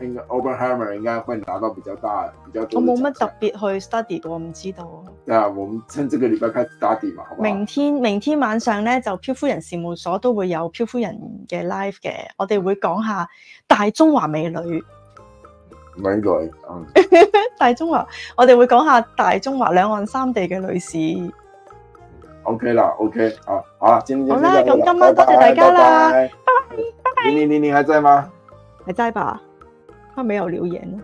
應該 Oppenheimer 應該會拿到比較大比較多。我冇乜特別去 study，我唔知道。啊，我們趁這個禮拜開始 study 嘛，好唔好？明天明天晚上咧就漂夫人事務所都會有漂夫人嘅 live 嘅，我哋會講下大中華美女。唔係呢大中華，我哋會講下大中華兩岸三地嘅女士。OK 啦，OK 啊啊，今好啦，咁今晚多謝大家啦，拜拜。拜拜。你你你你還在嗎？還在吧。佢未有留言，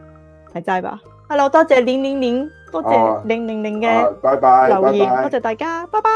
係在吧？Hello，多謝零零零，多謝零零零嘅留言，多謝大家，拜拜。